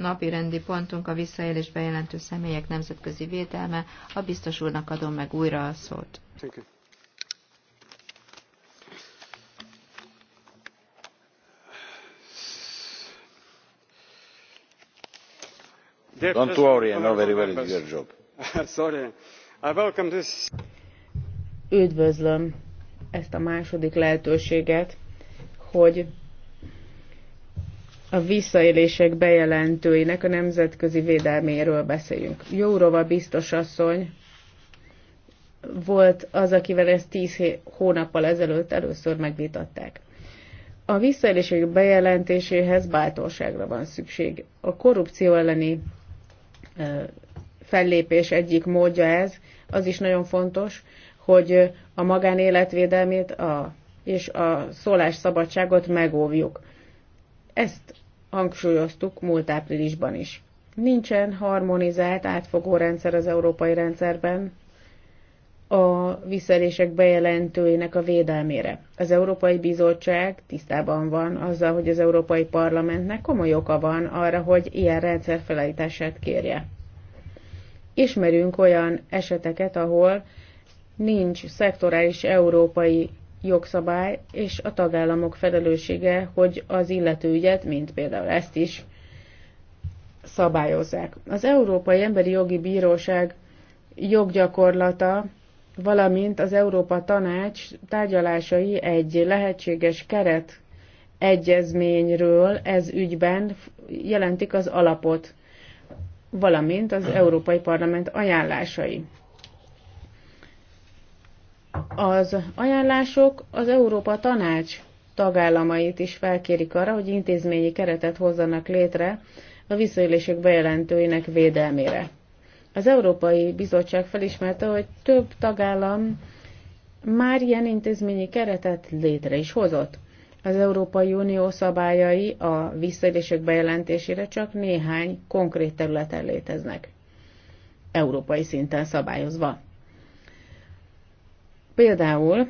napi rendi pontunk a visszaélés bejelentő személyek nemzetközi védelme. A biztos úrnak adom meg újra a szót. Don't worry, I know very well it's your job. Sorry. I welcome this. Üdvözlöm ezt a második lehetőséget, hogy a visszaélések bejelentőinek a nemzetközi védelméről beszéljünk. Jórova biztos asszony volt az, akivel ezt tíz hónappal ezelőtt először megvitatták. A visszaélések bejelentéséhez bátorságra van szükség. A korrupció elleni fellépés egyik módja ez, az is nagyon fontos, hogy a magánéletvédelmét a, és a szólásszabadságot megóvjuk. Ezt hangsúlyoztuk múlt áprilisban is. Nincsen harmonizált átfogó rendszer az európai rendszerben a visszaélések bejelentőinek a védelmére. Az Európai Bizottság tisztában van azzal, hogy az Európai Parlamentnek komoly oka van arra, hogy ilyen rendszer felállítását kérje. Ismerünk olyan eseteket, ahol nincs szektorális európai jogszabály és a tagállamok felelőssége, hogy az illető ügyet, mint például ezt is, szabályozzák. Az Európai Emberi Jogi Bíróság joggyakorlata, valamint az Európa Tanács tárgyalásai egy lehetséges keret egyezményről ez ügyben jelentik az alapot, valamint az Európai Parlament ajánlásai. Az ajánlások az Európa Tanács tagállamait is felkérik arra, hogy intézményi keretet hozzanak létre a visszaélések bejelentőinek védelmére. Az Európai Bizottság felismerte, hogy több tagállam már ilyen intézményi keretet létre is hozott. Az Európai Unió szabályai a visszaélések bejelentésére csak néhány konkrét területen léteznek, európai szinten szabályozva. Például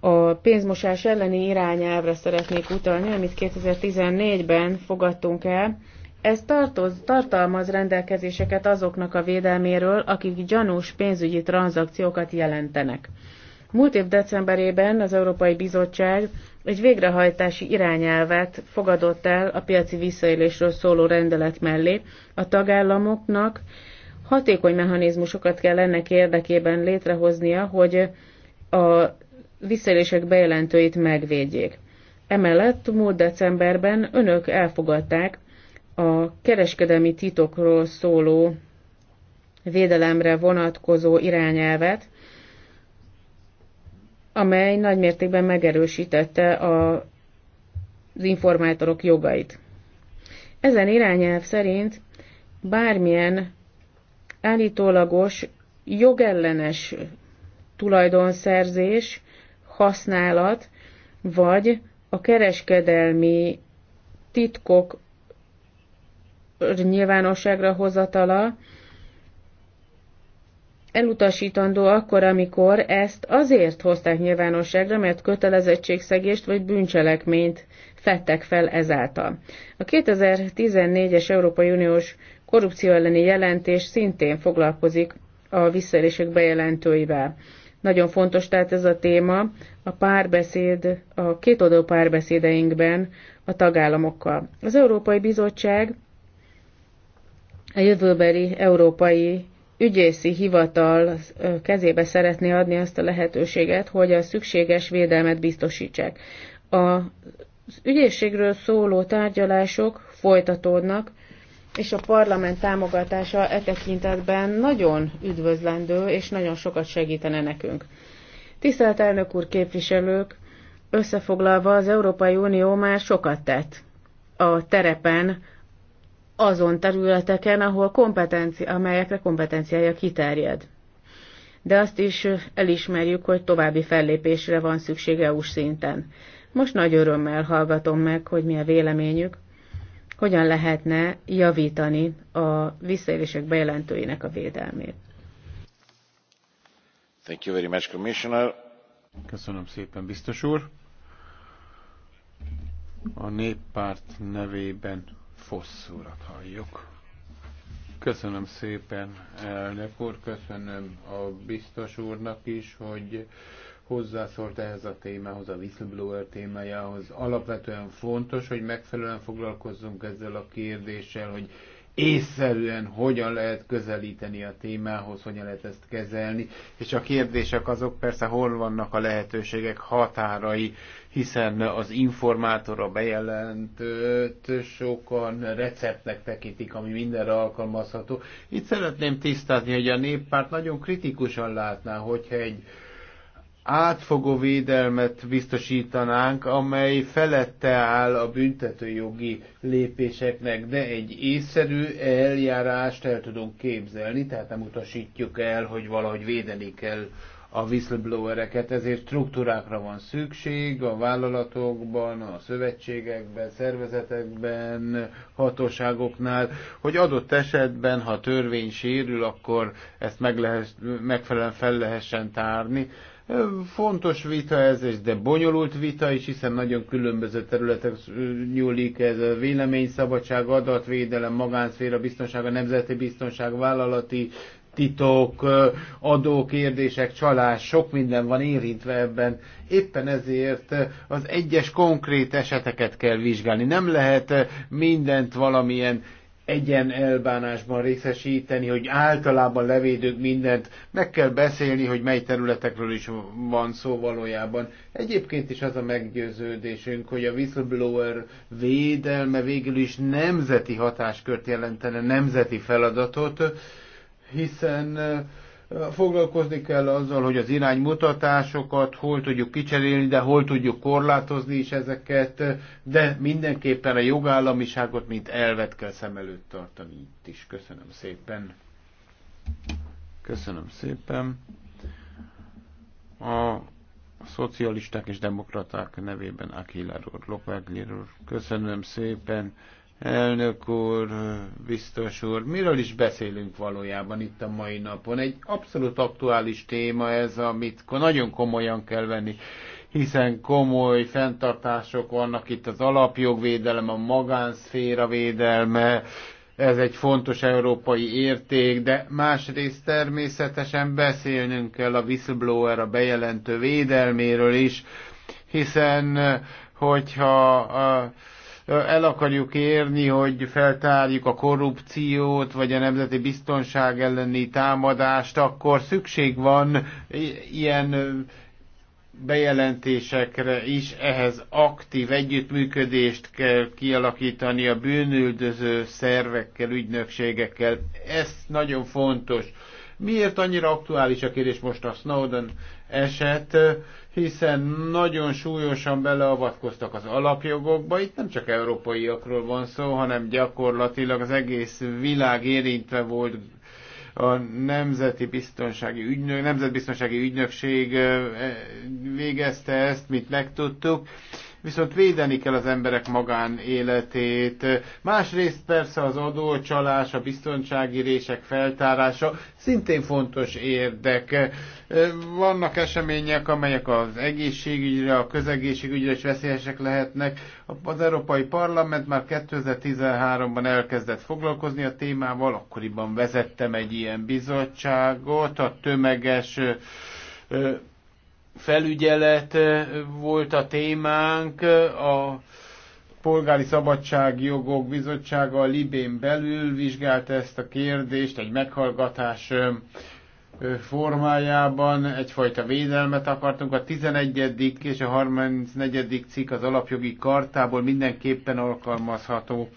a pénzmosás elleni irányelvre szeretnék utalni, amit 2014-ben fogadtunk el. Ez tartoz, tartalmaz rendelkezéseket azoknak a védelméről, akik gyanús pénzügyi tranzakciókat jelentenek. Múlt év decemberében az Európai Bizottság egy végrehajtási irányelvet fogadott el a piaci visszaélésről szóló rendelet mellé a tagállamoknak, hatékony mechanizmusokat kell ennek érdekében létrehoznia, hogy a visszaélések bejelentőit megvédjék. Emellett múlt decemberben önök elfogadták a kereskedelmi titokról szóló védelemre vonatkozó irányelvet, amely nagymértékben megerősítette a, az informátorok jogait. Ezen irányelv szerint bármilyen állítólagos jogellenes tulajdonszerzés, használat, vagy a kereskedelmi titkok nyilvánosságra hozatala elutasítandó akkor, amikor ezt azért hozták nyilvánosságra, mert kötelezettségszegést vagy bűncselekményt fettek fel ezáltal. A 2014-es Európai Uniós korrupció elleni jelentés szintén foglalkozik a visszaélések bejelentőivel. Nagyon fontos tehát ez a téma a párbeszéd, a kétoldalú párbeszédeinkben a tagállamokkal. Az Európai Bizottság a jövőbeli európai ügyészi hivatal kezébe szeretné adni azt a lehetőséget, hogy a szükséges védelmet biztosítsák. Az ügyészségről szóló tárgyalások folytatódnak, és a parlament támogatása e tekintetben nagyon üdvözlendő, és nagyon sokat segítene nekünk. Tisztelt elnök úr képviselők, összefoglalva az Európai Unió már sokat tett a terepen, azon területeken, ahol kompetenci, amelyekre kompetenciája kiterjed. De azt is elismerjük, hogy további fellépésre van szüksége EU-s szinten. Most nagy örömmel hallgatom meg, hogy mi a véleményük hogyan lehetne javítani a visszaélések bejelentőinek a védelmét. Thank you very much, Commissioner. Köszönöm szépen, biztos úr. A néppárt nevében fosszúrat halljuk. Köszönöm szépen, elnök úr, köszönöm a biztos úrnak is, hogy hozzászólt ehhez a témához, a whistleblower témájához. Alapvetően fontos, hogy megfelelően foglalkozzunk ezzel a kérdéssel, hogy észszerűen hogyan lehet közelíteni a témához, hogyan lehet ezt kezelni, és a kérdések azok persze hol vannak a lehetőségek határai, hiszen az informátor, a bejelentőt sokan receptnek tekintik, ami mindenre alkalmazható. Itt szeretném tisztázni, hogy a néppárt nagyon kritikusan látná, hogyha egy átfogó védelmet biztosítanánk, amely felette áll a büntetőjogi lépéseknek, de egy észszerű eljárást el tudunk képzelni, tehát nem utasítjuk el, hogy valahogy védeni kell a whistleblowereket, ezért struktúrákra van szükség a vállalatokban, a szövetségekben, szervezetekben, hatóságoknál, hogy adott esetben, ha törvény sérül, akkor ezt meg lehet, megfelelően fel lehessen tárni. Fontos vita ez, de bonyolult vita is, hiszen nagyon különböző területek nyúlik ez a véleményszabadság, adatvédelem, magánszféra, biztonsága, nemzeti biztonság, vállalati titok, adókérdések, csalás, sok minden van érintve ebben. Éppen ezért az egyes konkrét eseteket kell vizsgálni. Nem lehet mindent valamilyen egyen elbánásban részesíteni, hogy általában levédők mindent, meg kell beszélni, hogy mely területekről is van szó valójában. Egyébként is az a meggyőződésünk, hogy a whistleblower védelme végül is nemzeti hatáskört jelentene, nemzeti feladatot, hiszen uh, Foglalkozni kell azzal, hogy az iránymutatásokat hol tudjuk kicserélni, de hol tudjuk korlátozni is ezeket, de mindenképpen a jogállamiságot, mint elvet kell szem előtt tartani itt is. Köszönöm szépen. Köszönöm szépen. A szocialisták és demokraták nevében Akilar úr, Lopeglir úr, köszönöm szépen. Elnök úr, biztos úr, miről is beszélünk valójában itt a mai napon? Egy abszolút aktuális téma ez, amit nagyon komolyan kell venni, hiszen komoly fenntartások vannak itt az alapjogvédelem, a magánszféra védelme, ez egy fontos európai érték, de másrészt természetesen beszélnünk kell a whistleblower, a bejelentő védelméről is, hiszen hogyha a, el akarjuk érni, hogy feltárjuk a korrupciót, vagy a nemzeti biztonság elleni támadást, akkor szükség van ilyen bejelentésekre is ehhez aktív együttműködést kell kialakítani a bűnüldöző szervekkel, ügynökségekkel. Ez nagyon fontos. Miért annyira aktuális a kérdés most a Snowden eset, hiszen nagyon súlyosan beleavatkoztak az alapjogokba. Itt nem csak európaiakról van szó, hanem gyakorlatilag az egész világ érintve volt a Nemzeti Biztonsági Ügynök, Nemzetbiztonsági Ügynökség eh, végezte ezt, mint megtudtuk, viszont védeni kell az emberek magánéletét. Másrészt persze az adócsalás, a biztonsági rések feltárása szintén fontos érdek. Vannak események, amelyek az egészségügyre, a közegészségügyre is veszélyesek lehetnek. Az Európai Parlament már 2013-ban elkezdett foglalkozni a témával, akkoriban vezettem egy ilyen bizottságot, a tömeges felügyelet eh, volt a témánk, eh, a Polgári Szabadságjogok Bizottsága a Libén belül vizsgálta ezt a kérdést egy meghallgatás eh, formájában, egyfajta védelmet akartunk. A 11. és a 34. cikk az alapjogi kartából mindenképpen alkalmazható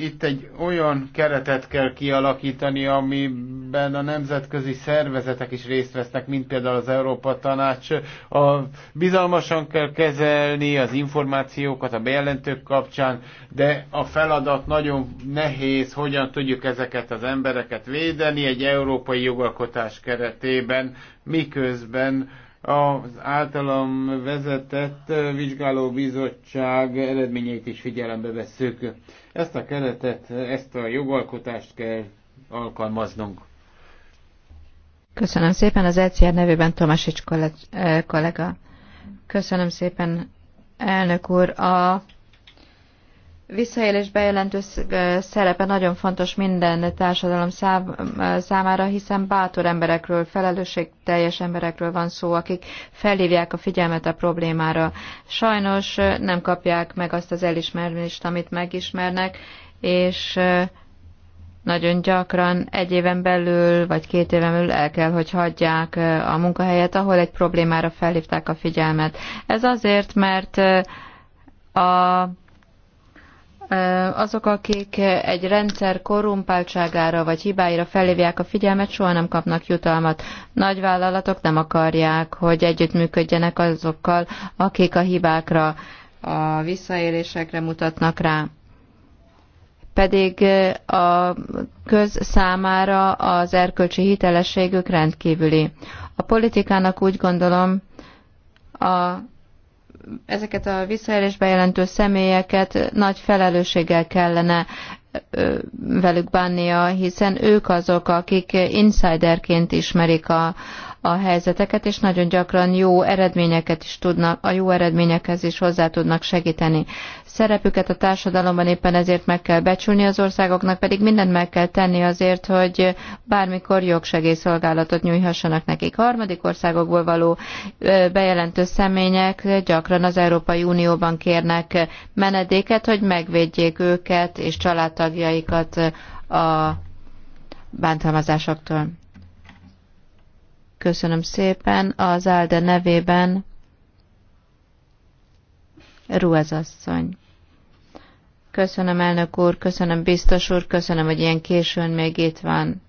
itt egy olyan keretet kell kialakítani, amiben a nemzetközi szervezetek is részt vesznek, mint például az Európa Tanács. A bizalmasan kell kezelni az információkat a bejelentők kapcsán, de a feladat nagyon nehéz, hogyan tudjuk ezeket az embereket védeni egy európai jogalkotás keretében, miközben az általam vezetett vizsgálóbizottság eredményeit is figyelembe vesszük. Ezt a keretet, ezt a jogalkotást kell alkalmaznunk. Köszönöm szépen az ECR nevében Tomasics eh, kollega. Köszönöm szépen, elnök úr. A visszaélés bejelentő szerepe nagyon fontos minden társadalom számára, hiszen bátor emberekről, felelősségteljes emberekről van szó, akik felhívják a figyelmet a problémára. Sajnos nem kapják meg azt az elismerést, amit megismernek, és nagyon gyakran egy éven belül, vagy két éven belül el kell, hogy hagyják a munkahelyet, ahol egy problémára felhívták a figyelmet. Ez azért, mert a azok, akik egy rendszer korrumpáltságára vagy hibáira felhívják a figyelmet, soha nem kapnak jutalmat. Nagyvállalatok nem akarják, hogy együttműködjenek azokkal, akik a hibákra, a visszaélésekre mutatnak rá. Pedig a köz számára az erkölcsi hitelességük rendkívüli. A politikának úgy gondolom, a ezeket a visszaélés bejelentő személyeket nagy felelősséggel kellene velük bánnia, hiszen ők azok, akik insiderként ismerik a, a helyzeteket, és nagyon gyakran jó eredményeket is tudnak, a jó eredményekhez is hozzá tudnak segíteni. Szerepüket a társadalomban éppen ezért meg kell becsülni, az országoknak pedig mindent meg kell tenni azért, hogy bármikor jogsegélyszolgálatot nyújhassanak nekik. Harmadik országokból való bejelentő személyek gyakran az Európai Unióban kérnek menedéket, hogy megvédjék őket és családtagjaikat a bántalmazásoktól. Köszönöm szépen. Az Álde nevében Ruez asszony. Köszönöm, elnök úr, köszönöm, biztos úr, köszönöm, hogy ilyen későn még itt van.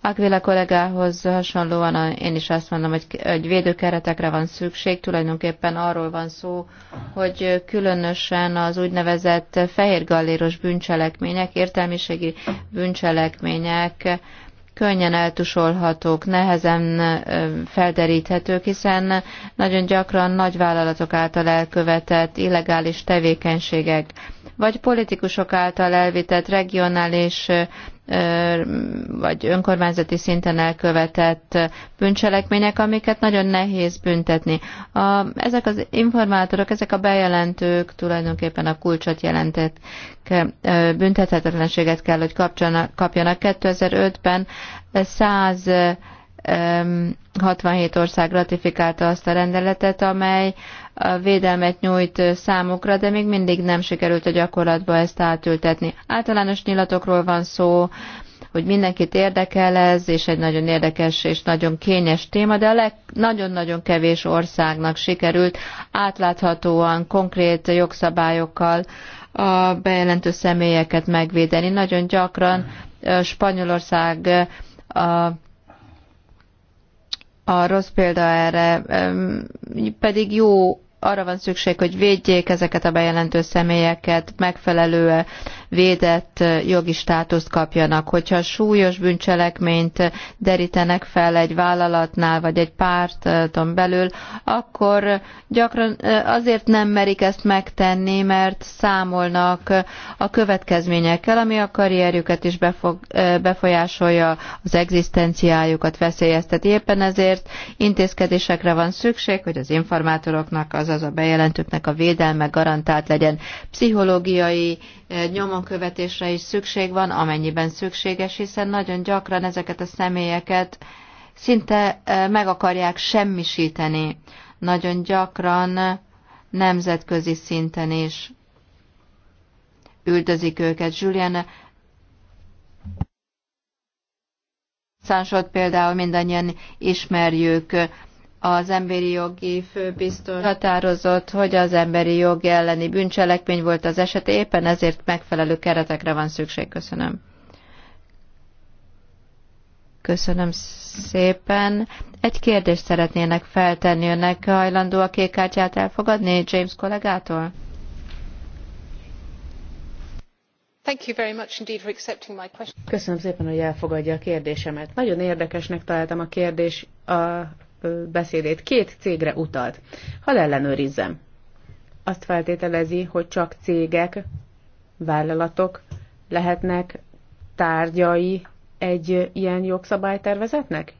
Akvila kollégához hasonlóan én is azt mondom, hogy, hogy védőkeretekre van szükség. Tulajdonképpen arról van szó, hogy különösen az úgynevezett fehérgalléros bűncselekmények, értelmiségi bűncselekmények könnyen eltusolhatók, nehezen felderíthetők, hiszen nagyon gyakran nagy vállalatok által elkövetett illegális tevékenységek vagy politikusok által elvitett regionális vagy önkormányzati szinten elkövetett bűncselekmények, amiket nagyon nehéz büntetni. A, ezek az informátorok, ezek a bejelentők tulajdonképpen a kulcsot jelentett büntethetetlenséget kell, hogy kapjanak. 2005-ben 100 67 ország ratifikálta azt a rendeletet, amely a védelmet nyújt számukra, de még mindig nem sikerült a gyakorlatba ezt átültetni. Általános nyilatokról van szó, hogy mindenkit érdekel ez, és egy nagyon érdekes és nagyon kényes téma, de a nagyon-nagyon kevés országnak sikerült átláthatóan, konkrét jogszabályokkal a bejelentő személyeket megvédeni. Nagyon gyakran Spanyolország a a rossz példa erre, pedig jó arra van szükség, hogy védjék ezeket a bejelentő személyeket megfelelő védett jogi státuszt kapjanak. Hogyha súlyos bűncselekményt derítenek fel egy vállalatnál vagy egy párton belül, akkor gyakran azért nem merik ezt megtenni, mert számolnak a következményekkel, ami a karrierjüket is befolyásolja, az egzisztenciájukat veszélyezteti. Éppen ezért intézkedésekre van szükség, hogy az informátoroknak, azaz a bejelentőknek a védelme garantált legyen. Pszichológiai nyomonkövetésre is szükség van, amennyiben szükséges, hiszen nagyon gyakran ezeket a személyeket szinte meg akarják semmisíteni, nagyon gyakran nemzetközi szinten is üldözik őket. Julian Sánsot például mindannyian ismerjük, az emberi jogi főbiztos határozott, hogy az emberi jog elleni bűncselekmény volt az eset, éppen ezért megfelelő keretekre van szükség. Köszönöm. Köszönöm szépen. Egy kérdést szeretnének feltenni önnek. Hajlandó a kék kártyát elfogadni James kollégától? Köszönöm szépen, hogy elfogadja a kérdésemet. Nagyon érdekesnek találtam a kérdés a beszédét két cégre utalt. Ha ellenőrizzem. Azt feltételezi, hogy csak cégek, vállalatok lehetnek tárgyai egy ilyen jogszabálytervezetnek?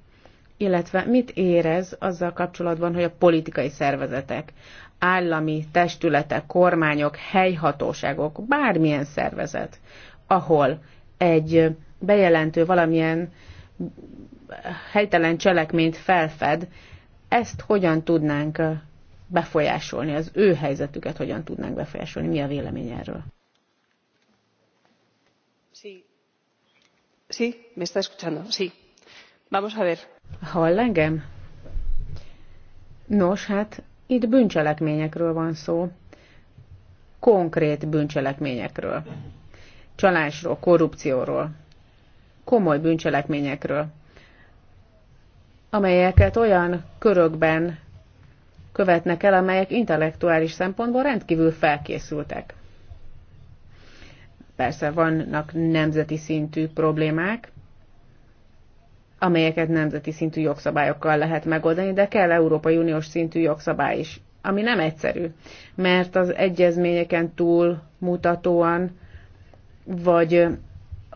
Illetve mit érez azzal kapcsolatban, hogy a politikai szervezetek, állami testületek, kormányok, helyhatóságok, bármilyen szervezet, ahol egy bejelentő valamilyen helytelen cselekményt felfed, ezt hogyan tudnánk befolyásolni, az ő helyzetüket hogyan tudnánk befolyásolni, mi a vélemény erről? Sí. Sí, me está escuchando. Sí. Vamos a ver. Hall engem? Nos, hát itt bűncselekményekről van szó. Konkrét bűncselekményekről. Csalásról, korrupcióról. Komoly bűncselekményekről amelyeket olyan körökben követnek el, amelyek intellektuális szempontból rendkívül felkészültek. Persze vannak nemzeti szintű problémák, amelyeket nemzeti szintű jogszabályokkal lehet megoldani, de kell Európai Uniós szintű jogszabály is, ami nem egyszerű, mert az egyezményeken túl mutatóan, vagy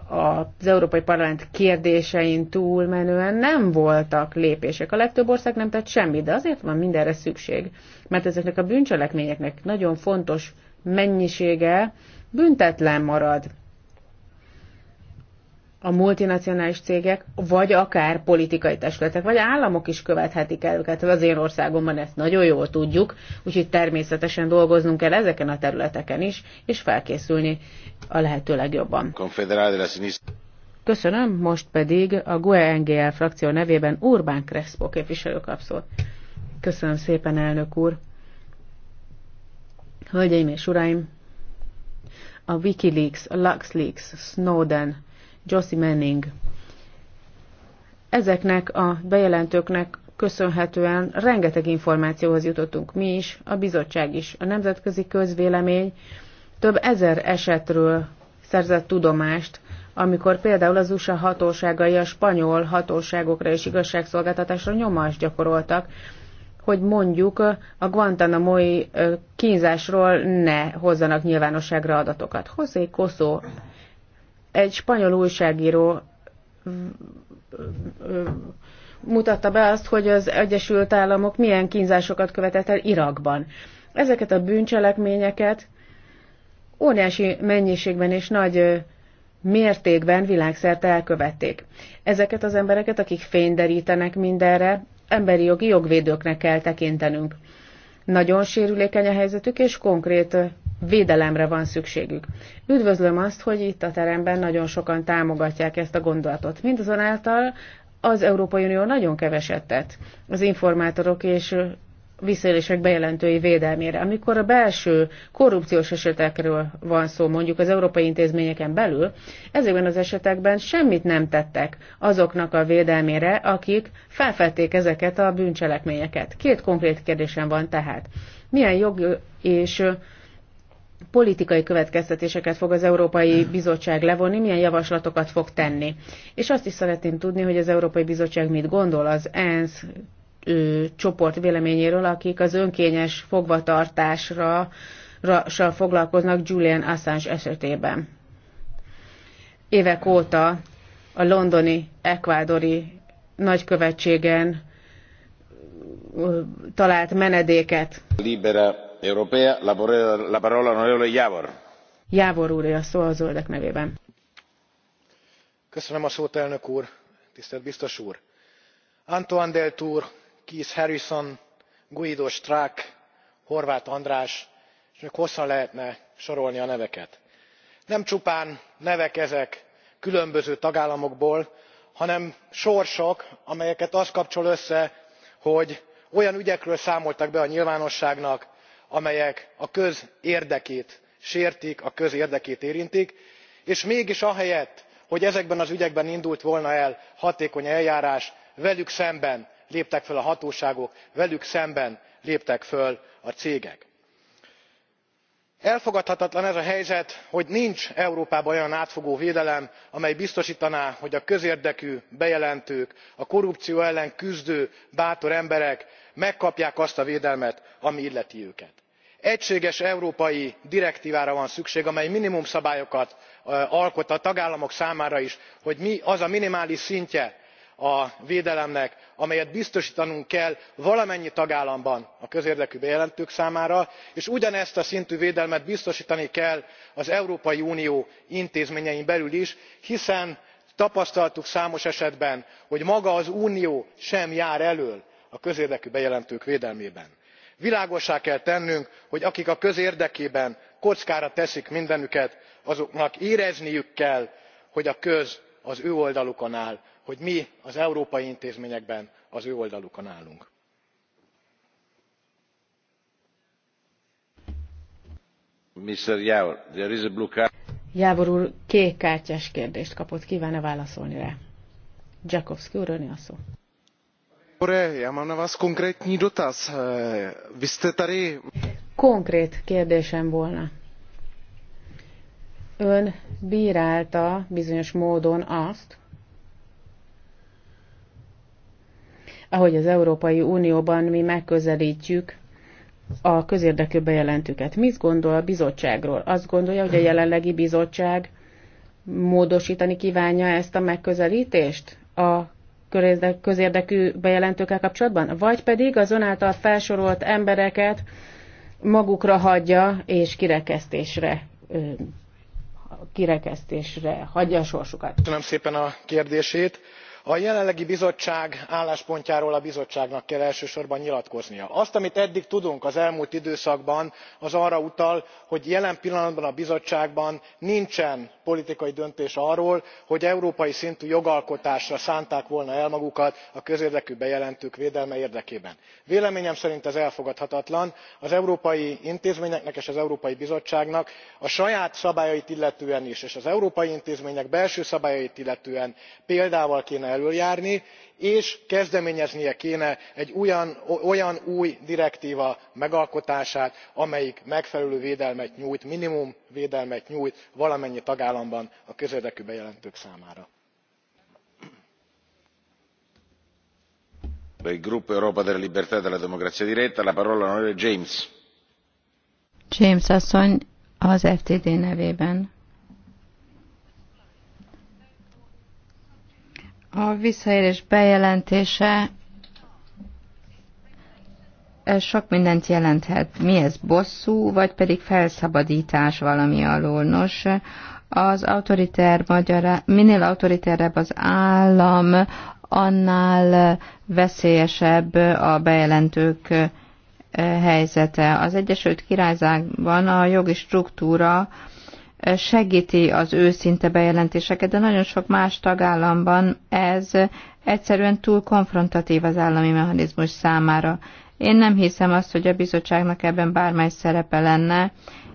az Európai Parlament kérdésein túlmenően nem voltak lépések. A legtöbb ország nem tett semmi, de azért van mindenre szükség, mert ezeknek a bűncselekményeknek nagyon fontos mennyisége büntetlen marad a multinacionális cégek, vagy akár politikai testületek, vagy államok is követhetik el őket. Az én országomban ezt nagyon jól tudjuk, úgyhogy természetesen dolgoznunk kell ezeken a területeken is, és felkészülni a lehető legjobban. Köszönöm, most pedig a GUE-NGL frakció nevében Urbán Crespo képviselő kapszol. Köszönöm szépen, elnök úr! Hölgyeim és uraim! A Wikileaks, a LuxLeaks, Snowden, Josie Manning. Ezeknek a bejelentőknek köszönhetően rengeteg információhoz jutottunk mi is, a bizottság is, a nemzetközi közvélemény több ezer esetről szerzett tudomást, amikor például az USA hatóságai a spanyol hatóságokra és igazságszolgáltatásra nyomást gyakoroltak, hogy mondjuk a Guantanamo-i kínzásról ne hozzanak nyilvánosságra adatokat. Hozzék Koszó egy spanyol újságíró mutatta be azt, hogy az Egyesült Államok milyen kínzásokat követett el Irakban. Ezeket a bűncselekményeket óriási mennyiségben és nagy mértékben világszerte elkövették. Ezeket az embereket, akik fényderítenek mindenre, emberi jogi jogvédőknek kell tekintenünk. Nagyon sérülékeny a helyzetük, és konkrét védelemre van szükségük. Üdvözlöm azt, hogy itt a teremben nagyon sokan támogatják ezt a gondolatot. Mindazonáltal az Európai Unió nagyon keveset tett az informátorok és visszaélések bejelentői védelmére. Amikor a belső korrupciós esetekről van szó, mondjuk az európai intézményeken belül, ezekben az esetekben semmit nem tettek azoknak a védelmére, akik felfedték ezeket a bűncselekményeket. Két konkrét kérdésem van tehát. Milyen jog és politikai következtetéseket fog az Európai Bizottság levonni, milyen javaslatokat fog tenni. És azt is szeretném tudni, hogy az Európai Bizottság mit gondol az ENSZ ő, csoport véleményéről, akik az önkényes fogvatartásra ra, foglalkoznak Julian Assange esetében. Évek óta a londoni, ekvádori nagykövetségen talált menedéket. Libera parola Jávor. úr, a szó nevében. Köszönöm a elnök úr, tisztelt biztos úr. Antoine Deltour, Keith Harrison, Guido Strack, Horváth András, és még hosszan lehetne sorolni a neveket. Nem csupán nevek ezek különböző tagállamokból, hanem sorsok, amelyeket az kapcsol össze, hogy olyan ügyekről számoltak be a nyilvánosságnak amelyek a közérdekét sértik a közérdekét érintik és mégis ahelyett hogy ezekben az ügyekben indult volna el hatékony eljárás velük szemben léptek fel a hatóságok velük szemben léptek fel a cégek. elfogadhatatlan az a helyzet hogy nincs európában olyan átfogó védelem amely biztostaná hogy a közérdekű bejelentők a korrupció ellen küzdő bátor emberek megkapják azt a védelmet ami illeti őket egységes európai direktvára van szükség amely minimumszabályokat alkot a tagállamok számára is hogy mi az a minimális szintje a védelemnek amelyet biztostanunk kell valamennyi tagállamban a közérdekű bejelentők számára és ugyanezt a szintű védelmet biztostani kell az európai unió intézményein belül is hiszen tapasztaltuk számos esetben hogy maga az unió sem jár elöl a közérdekű bejelentők védelmében világossá kell tennünk hogy akik a közérdekében kockára teszik mindenüket azoknak érezniük kell hogy a köz az ő oldalukon áll hogy mi az európai intézményekben az ő oldalukon állunk. jávor úr kékkártyás kérdést kapott kván e válaszolni rá? úr já mám na vás konkrétní dotaz. Eh, vy jste tady... Konkrét kérdésem volna. Ön bírálta bizonyos módon azt, ahogy az Európai Unióban mi megközelítjük a közérdekű bejelentőket. Mit gondol a bizottságról? Azt gondolja, hogy a jelenlegi bizottság módosítani kívánja ezt a megközelítést a közérdekű bejelentőkkel kapcsolatban, vagy pedig az felsorolt embereket magukra hagyja és kirekesztésre kirekesztésre hagyja a sorsukat. Köszönöm szépen a kérdését a jelenlegi bizottság álláspontjáról a bizottságnak kell elsősorban nyilatkoznia. azt amit eddig tudunk az elmúlt időszakban az arra utal hogy jelen pillanatban a bizottságban nincsen politikai döntés arról hogy európai szintű jogalkotásra szánták volna el magukat a közérdekű bejelentők védelme érdekében. véleményem szerint ez elfogadhatatlan. az európai intézményeknek és az európai bizottságnak a saját szabályait illetően is és az európai intézmények belső szabályait illetően példával kéne járni, és kezdeményeznie kéne egy olyan új direktva megalkotását amelyik megfelelő védelmet nyújt minimum védelmet nyújt valamennyi tagállamban a közérdekű bejelentők számára. E james az ftd nevében. A visszaérés bejelentése sok mindent jelenthet. Mi ez bosszú, vagy pedig felszabadítás valami alól? Nos, az autoritár magyar, minél autoritárebb az állam, annál veszélyesebb a bejelentők eh, helyzete. Az Egyesült Királyságban a jogi struktúra segíti az őszinte bejelentéseket, de nagyon sok más tagállamban ez egyszerűen túl konfrontatív az állami mechanizmus számára. Én nem hiszem azt, hogy a bizottságnak ebben bármely szerepe lenne,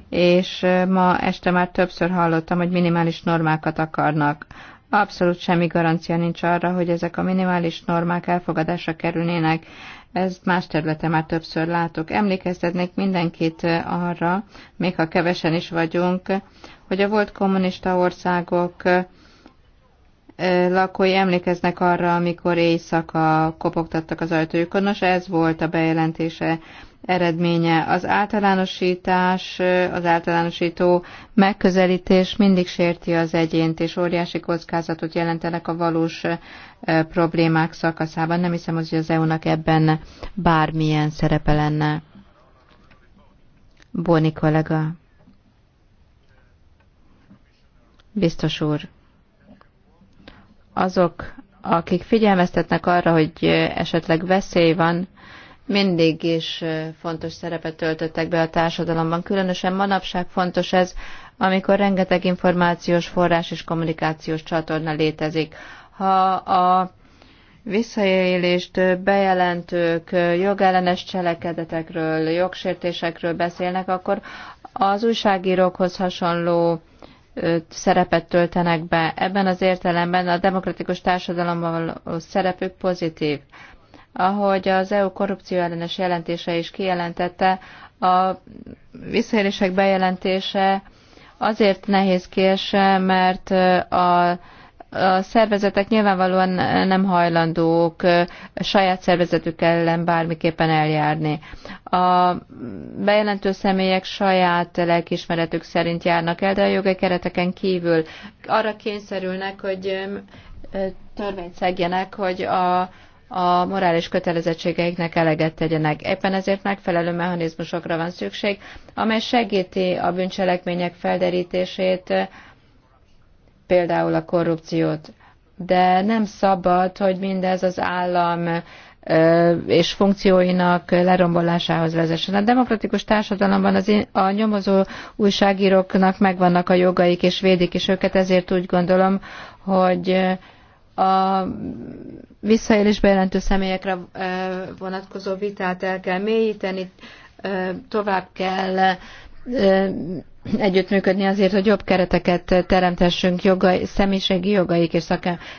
és ma este már többször hallottam, hogy minimális normákat akarnak. Abszolút semmi garancia nincs arra, hogy ezek a minimális normák elfogadásra kerülnének. Ezt más területen már többször látok. Emlékeztetnék mindenkit eh, arra, még ha kevesen is vagyunk, hogy a volt kommunista országok eh, eh, lakói emlékeznek arra, amikor éjszaka kopogtattak az ajtójukon. Nos, ez volt a bejelentése eredménye. Az általánosítás, az általánosító megközelítés mindig sérti az egyént, és óriási kockázatot jelentenek a valós problémák szakaszában. Nem hiszem, hogy az EU-nak ebben bármilyen szerepe lenne. Boni kollega. Biztos úr. Azok, akik figyelmeztetnek arra, hogy esetleg veszély van, mindig is fontos szerepet töltöttek be a társadalomban. Különösen manapság fontos ez, amikor rengeteg információs forrás és kommunikációs csatorna létezik. Ha a visszaélést bejelentők jogellenes cselekedetekről, jogsértésekről beszélnek, akkor az újságírókhoz hasonló szerepet töltenek be. Ebben az értelemben a demokratikus társadalomban való szerepük pozitív. Ahogy az EU korrupció ellenes jelentése is kijelentette, a visszaélések bejelentése azért kérse, mert a a szervezetek nyilvánvalóan nem hajlandók saját szervezetük ellen bármiképpen eljárni. A bejelentő személyek saját lelkismeretük szerint járnak el, de a jogi kereteken kívül arra kényszerülnek, hogy törvényt szegjenek, hogy a a morális kötelezettségeiknek eleget tegyenek. Éppen ezért megfelelő mechanizmusokra van szükség, amely segíti a bűncselekmények felderítését, például a korrupciót. De nem szabad, hogy mindez az állam és funkcióinak lerombolásához vezessen. A demokratikus társadalomban az én, a nyomozó újságíróknak megvannak a jogaik, és védik is őket, ezért úgy gondolom, hogy a visszaélés bejelentő személyekre vonatkozó vitát el kell mélyíteni, tovább kell együttműködni azért, hogy jobb kereteket teremtessünk jogai, személyiségi jogaik és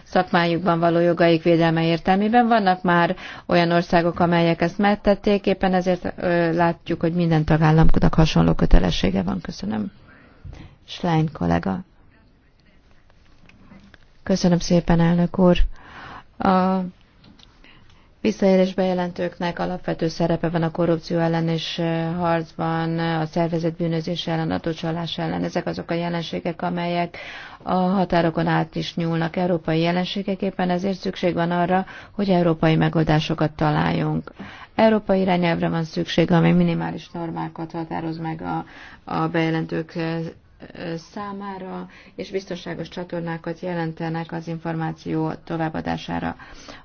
szakmájukban való jogaik védelme értelmében. Vannak már olyan országok, amelyek ezt megtették, éppen ezért látjuk, hogy minden tagállamnak hasonló kötelessége van. Köszönöm. Schlein kollega. Köszönöm szépen, elnök úr. A visszaérés bejelentőknek alapvető szerepe van a korrupció ellen és eh, harcban, a szervezet bűnözés ellen, adócsalás ellen. Ezek azok a jelenségek, amelyek a határokon át is nyúlnak európai jelenségeképpen, ezért szükség van arra, hogy európai megoldásokat találjunk. Európai irányelvre van szükség, amely minimális normákat határoz meg a, a bejelentők eh, számára, és biztonságos csatornákat jelentenek az információ továbbadására.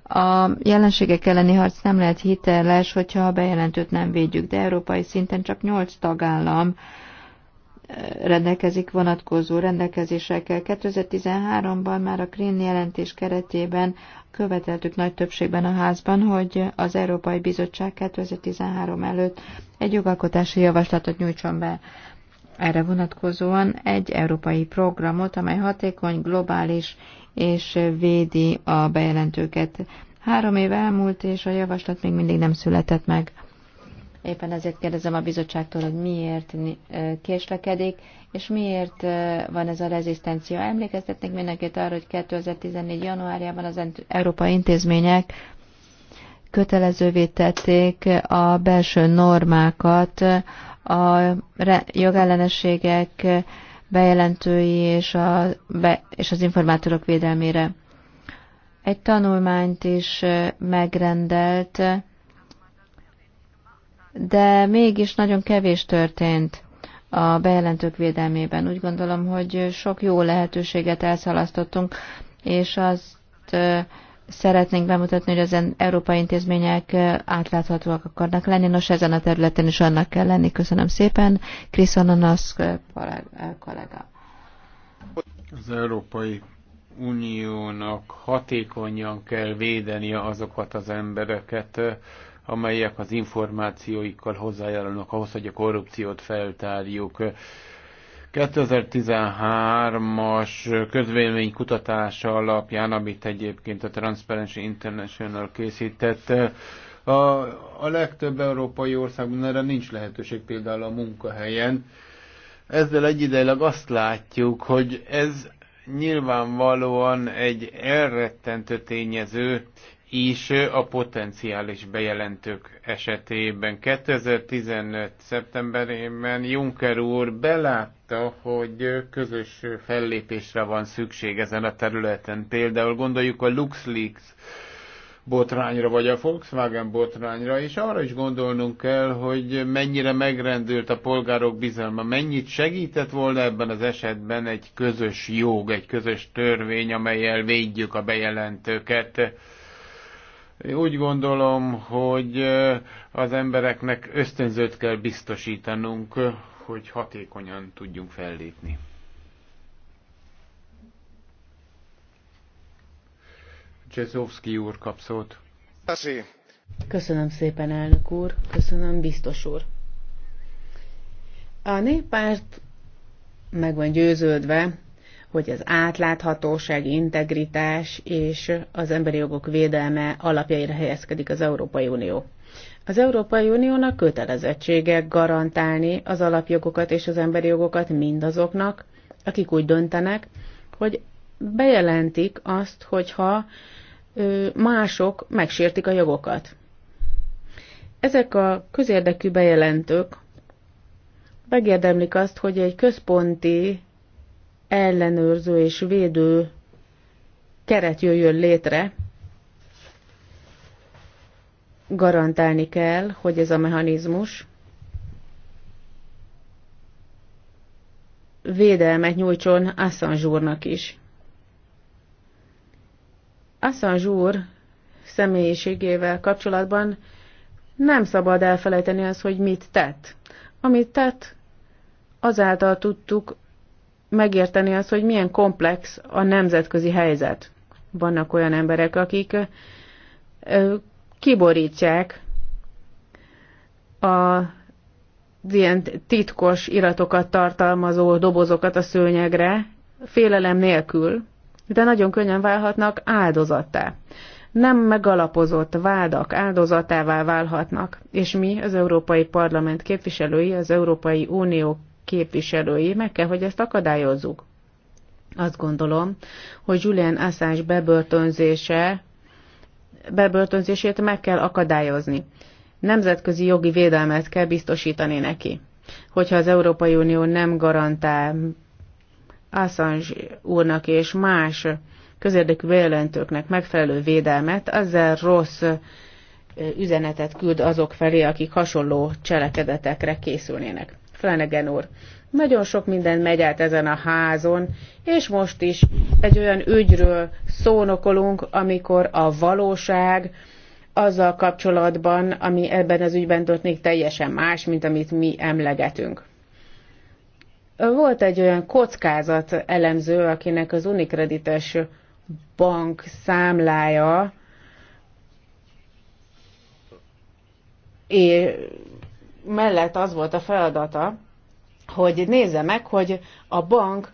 A jelenségek elleni harc nem lehet hiteles, hogyha a bejelentőt nem védjük, de európai szinten csak 8 tagállam rendelkezik vonatkozó rendelkezésekkel. 2013-ban már a Krin jelentés keretében követeltük nagy többségben a házban, hogy az Európai Bizottság 2013 előtt egy jogalkotási javaslatot nyújtson be erre vonatkozóan egy európai programot, amely hatékony, globális és védi a bejelentőket. Három év elmúlt, és a javaslat még mindig nem született meg. Éppen ezért kérdezem a bizottságtól, hogy miért eh, késlekedik, és miért eh, van ez a rezisztencia. Emlékeztetnék mindenkit arra, hogy 2014. januárjában az európai intézmények kötelezővé tették a belső normákat a jogellenességek bejelentői és, a, be, és az informátorok védelmére. Egy tanulmányt is megrendelt, de mégis nagyon kevés történt a bejelentők védelmében. Úgy gondolom, hogy sok jó lehetőséget elszalasztottunk, és azt szeretnénk bemutatni, hogy az európai intézmények átláthatóak akarnak lenni. Nos, ezen a területen is annak kell lenni. Köszönöm szépen. Krisz Ananas kollega. Az Európai Uniónak hatékonyan kell védenie azokat az embereket, amelyek az információikkal hozzájárulnak ahhoz, hogy a korrupciót feltárjuk 2013-as közvélemény kutatása alapján, amit egyébként a Transparency International készített, a, a legtöbb európai országban erre nincs lehetőség például a munkahelyen. Ezzel egyidejleg azt látjuk, hogy ez nyilvánvalóan egy elrettentő tényező, is a potenciális bejelentők esetében. 2015. szeptemberében Juncker úr belátta, hogy közös fellépésre van szükség ezen a területen. Például gondoljuk a LuxLeaks botrányra, vagy a Volkswagen botrányra, és arra is gondolnunk kell, hogy mennyire megrendült a polgárok bizalma, mennyit segített volna ebben az esetben egy közös jog, egy közös törvény, amelyel védjük a bejelentőket úgy gondolom, hogy az embereknek ösztönzőt kell biztosítanunk, hogy hatékonyan tudjunk fellépni. Cseszovszki úr kap szót. Köszönöm szépen, elnök úr, köszönöm, biztos úr. A néppárt meg van győződve hogy az átláthatóság, integritás és az emberi jogok védelme alapjaira helyezkedik az Európai Unió. Az Európai Uniónak kötelezettsége garantálni az alapjogokat és az emberi jogokat mindazoknak, akik úgy döntenek, hogy bejelentik azt, hogyha mások megsértik a jogokat. Ezek a közérdekű bejelentők megérdemlik azt, hogy egy központi ellenőrző és védő keret jöjjön létre, garantálni kell, hogy ez a mechanizmus védelmet nyújtson Assange úrnak is. Assange úr személyiségével kapcsolatban nem szabad elfelejteni az, hogy mit tett. Amit tett, azáltal tudtuk megérteni azt, hogy milyen komplex a nemzetközi helyzet. Vannak olyan emberek, akik kiborítják a ilyen titkos iratokat tartalmazó dobozokat a szőnyegre, félelem nélkül, de nagyon könnyen válhatnak áldozattá. Nem megalapozott vádak áldozatává válhatnak, és mi, az Európai Parlament képviselői, az Európai Unió képviselői, meg kell, hogy ezt akadályozzuk. Azt gondolom, hogy Julian Assange bebörtönzése, bebörtönzését meg kell akadályozni. Nemzetközi jogi védelmet kell biztosítani neki. Hogyha az Európai Unió nem garantál Assange úrnak és más közérdekű bejelentőknek megfelelő védelmet, ezzel rossz üzenetet küld azok felé, akik hasonló cselekedetekre készülnének. Flanagan úr. Nagyon sok minden megy át ezen a házon, és most is egy olyan ügyről szónokolunk, amikor a valóság azzal kapcsolatban, ami ebben az ügyben történik, teljesen más, mint amit mi emlegetünk. Volt egy olyan kockázat elemző, akinek az unikredites bank számlája és mellett az volt a feladata, hogy nézze meg, hogy a bank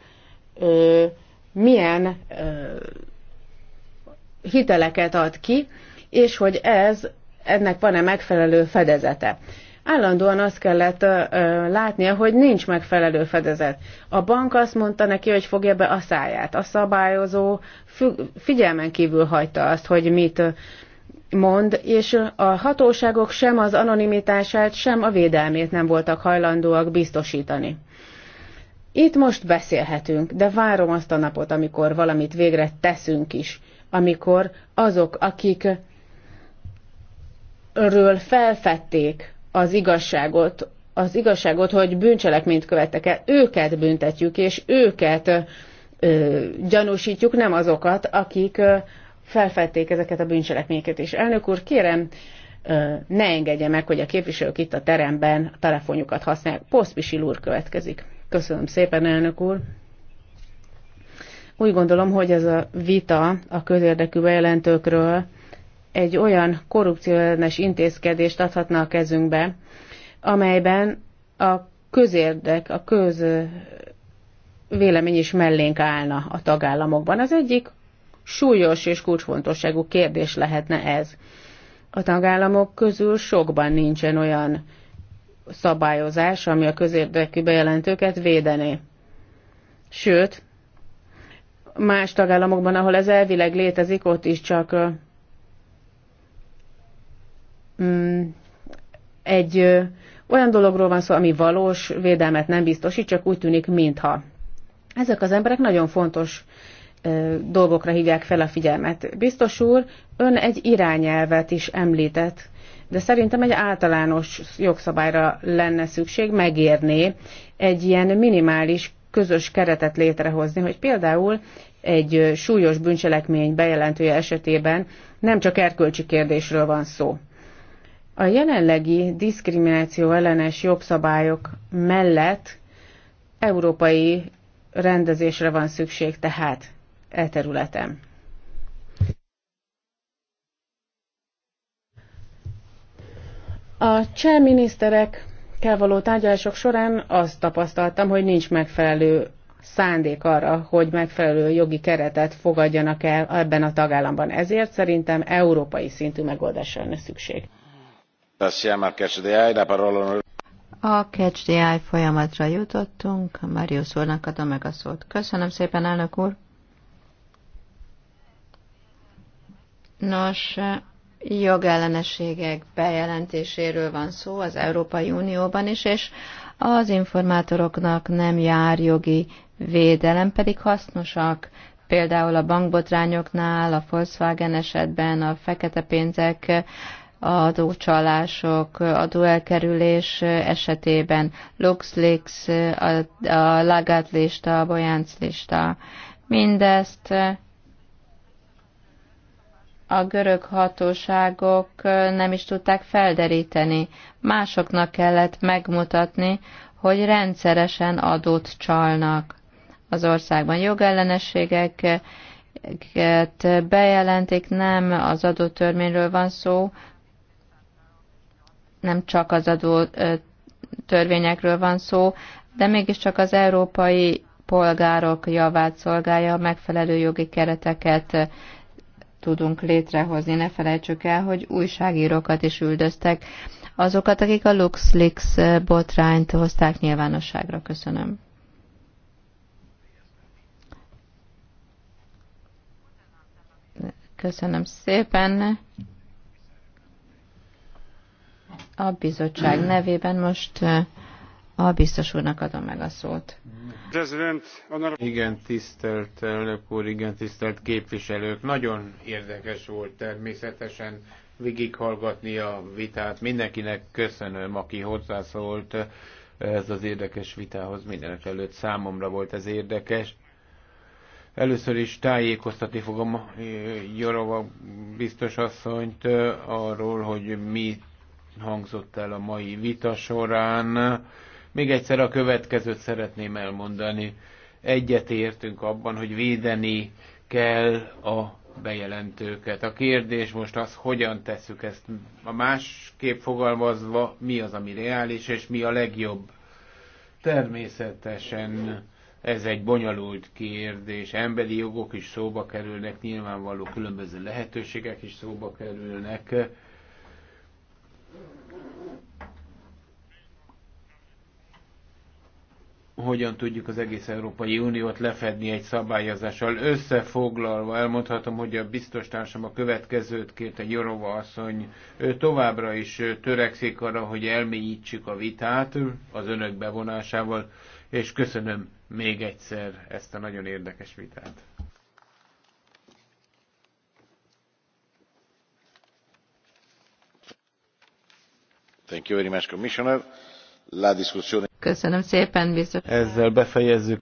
ö, milyen ö, hiteleket ad ki, és hogy ez ennek van-e megfelelő fedezete. Állandóan azt kellett ö, látnia, hogy nincs megfelelő fedezet. A bank azt mondta neki, hogy fogja be a száját. A szabályozó figyelmen kívül hagyta azt, hogy mit mond, és a hatóságok sem az anonimitását, sem a védelmét nem voltak hajlandóak biztosítani. Itt most beszélhetünk, de várom azt a napot, amikor valamit végre teszünk is, amikor azok, akik ről felfedték az igazságot, az igazságot, hogy bűncselekményt követtek el, őket büntetjük, és őket ö, gyanúsítjuk, nem azokat, akik ö, felfedték ezeket a bűncselekményeket. És elnök úr, kérem, ne engedje meg, hogy a képviselők itt a teremben a telefonjukat használják. Poszpisil úr következik. Köszönöm szépen, elnök úr. Úgy gondolom, hogy ez a vita a közérdekű bejelentőkről egy olyan korrupcióellenes intézkedést adhatna a kezünkbe, amelyben a közérdek, a köz vélemény is mellénk állna a tagállamokban. Az egyik súlyos és kulcsfontosságú kérdés lehetne ez. A tagállamok közül sokban nincsen olyan szabályozás, ami a közérdekű bejelentőket védené. Sőt, más tagállamokban, ahol ez elvileg létezik, ott is csak mm, egy olyan dologról van szó, ami valós védelmet nem biztosít, csak úgy tűnik, mintha. Ezek az emberek nagyon fontos dolgokra hívják fel a figyelmet. Biztos úr, ön egy irányelvet is említett, de szerintem egy általános jogszabályra lenne szükség megérni egy ilyen minimális közös keretet létrehozni, hogy például egy súlyos bűncselekmény bejelentője esetében nem csak erkölcsi kérdésről van szó. A jelenlegi diszkrimináció ellenes jogszabályok mellett európai rendezésre van szükség tehát e területen. A cseh miniszterekkel való tárgyalások során azt tapasztaltam, hogy nincs megfelelő szándék arra, hogy megfelelő jogi keretet fogadjanak el ebben a tagállamban. Ezért szerintem európai szintű megoldásra lenne szükség. A catch the eye folyamatra jutottunk. Mario úrnak adom meg a szót. Köszönöm szépen, elnök úr! Nos, jogelleneségek bejelentéséről van szó az Európai Unióban is, és az informátoroknak nem jár jogi védelem, pedig hasznosak. Például a bankbotrányoknál, a Volkswagen esetben, a fekete pénzek, adócsalások, adóelkerülés esetében, LuxLeaks, a, a Lagat lista, a Boyance lista, mindezt a görög hatóságok nem is tudták felderíteni. Másoknak kellett megmutatni, hogy rendszeresen adót csalnak. Az országban jogellenességeket bejelentik, nem az adótörvényről van szó, nem csak az adó törvényekről van szó, de mégiscsak az európai polgárok javát szolgálja a megfelelő jogi kereteket tudunk létrehozni. Ne felejtsük el, hogy újságírókat is üldöztek, azokat, akik a LuxLeaks botrányt hozták nyilvánosságra. Köszönöm. Köszönöm szépen. A bizottság nevében most eh, a biztos úrnak adom meg a szót. Igen, tisztelt elnök úr, igen, tisztelt képviselők. Nagyon érdekes volt természetesen végighallgatni a vitát. Mindenkinek köszönöm, aki hozzászólt ez az érdekes vitához. Mindenek előtt számomra volt ez érdekes. Először is tájékoztatni fogom eh, Jorova biztos asszonyt eh, arról, hogy mi hangzott el a mai vita során még egyszer a következőt szeretném elmondani. egyet értünk abban, hogy védeni kell a bejelentőket. A kérdés most az, hogyan tesszük ezt. A másképp fogalmazva, mi az, ami reális, és mi a legjobb. Természetesen ez egy bonyolult kérdés. Emberi jogok is szóba kerülnek, nyilvánvaló különböző lehetőségek is szóba kerülnek. hogyan tudjuk az egész Európai Uniót lefedni egy szabályozással. Összefoglalva elmondhatom, hogy a biztos társam a következőt kérte Jorova asszony. Ő továbbra is törekszik arra, hogy elmélyítsük a vitát az önök bevonásával, és köszönöm még egyszer ezt a nagyon érdekes vitát. Thank you very much, Commissioner. Köszönöm szépen, a Ezzel befejezzük